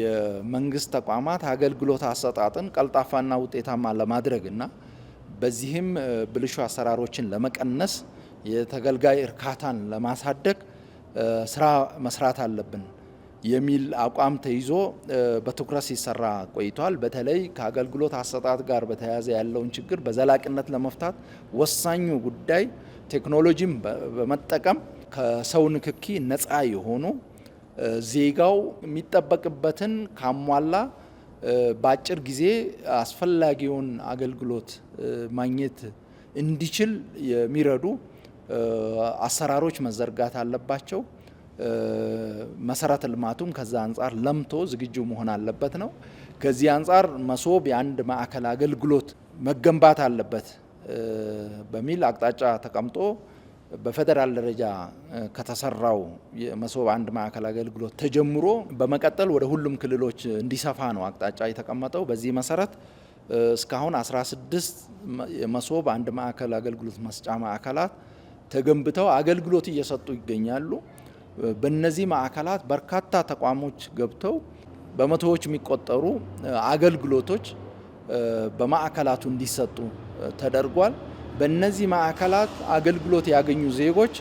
የመንግስት ተቋማት አገልግሎት አሰጣጥን ቀልጣፋና ውጤታማ ለማድረግና በዚህም ብልሹ አሰራሮችን ለመቀነስ የተገልጋይ እርካታን ለማሳደግ ስራ መስራት አለብን የሚል አቋም ተይዞ በትኩረት ሲሰራ ቆይቷል። በተለይ ከአገልግሎት አሰጣጥ ጋር በተያያዘ ያለውን ችግር በዘላቂነት ለመፍታት ወሳኙ ጉዳይ ቴክኖሎጂን በመጠቀም ከሰው ንክኪ ነፃ የሆኑ ዜጋው የሚጠበቅበትን ካሟላ በአጭር ጊዜ አስፈላጊውን አገልግሎት ማግኘት እንዲችል የሚረዱ አሰራሮች መዘርጋት አለባቸው። መሰረተ ልማቱም ከዛ አንጻር ለምቶ ዝግጁ መሆን አለበት ነው። ከዚህ አንጻር መሶብ የአንድ ማዕከል አገልግሎት መገንባት አለበት በሚል አቅጣጫ ተቀምጦ በፌደራል ደረጃ ከተሰራው የመሶብ አንድ ማዕከል አገልግሎት ተጀምሮ በመቀጠል ወደ ሁሉም ክልሎች እንዲሰፋ ነው አቅጣጫ የተቀመጠው። በዚህ መሰረት እስካሁን 16 የመሶብ አንድ ማዕከል አገልግሎት መስጫ ማዕከላት ተገንብተው አገልግሎት እየሰጡ ይገኛሉ። በእነዚህ ማዕከላት በርካታ ተቋሞች ገብተው በመቶዎች የሚቆጠሩ አገልግሎቶች በማዕከላቱ እንዲሰጡ ተደርጓል። በእነዚህ ማዕከላት አገልግሎት ያገኙ ዜጎች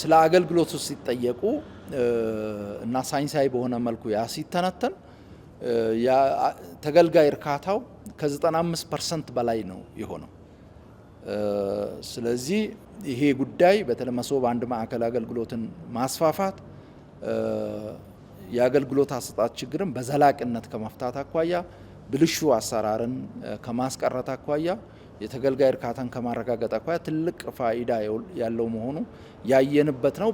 ስለ አገልግሎቱ ሲጠየቁ እና ሳይንሳዊ በሆነ መልኩ ያ ሲተነተን ተገልጋይ እርካታው ከ95 ፐርሰንት በላይ ነው የሆነው። ስለዚህ ይሄ ጉዳይ በተለይ መሶብ አንድ ማዕከል አገልግሎትን ማስፋፋት የአገልግሎት አሰጣጥ ችግርን በዘላቂነት ከመፍታት አኳያ ብልሹ አሰራርን ከማስቀረት አኳያ የተገልጋይ እርካታን ከማረጋገጥ አኳያ ትልቅ ፋይዳ ያለው መሆኑ ያየንበት ነው።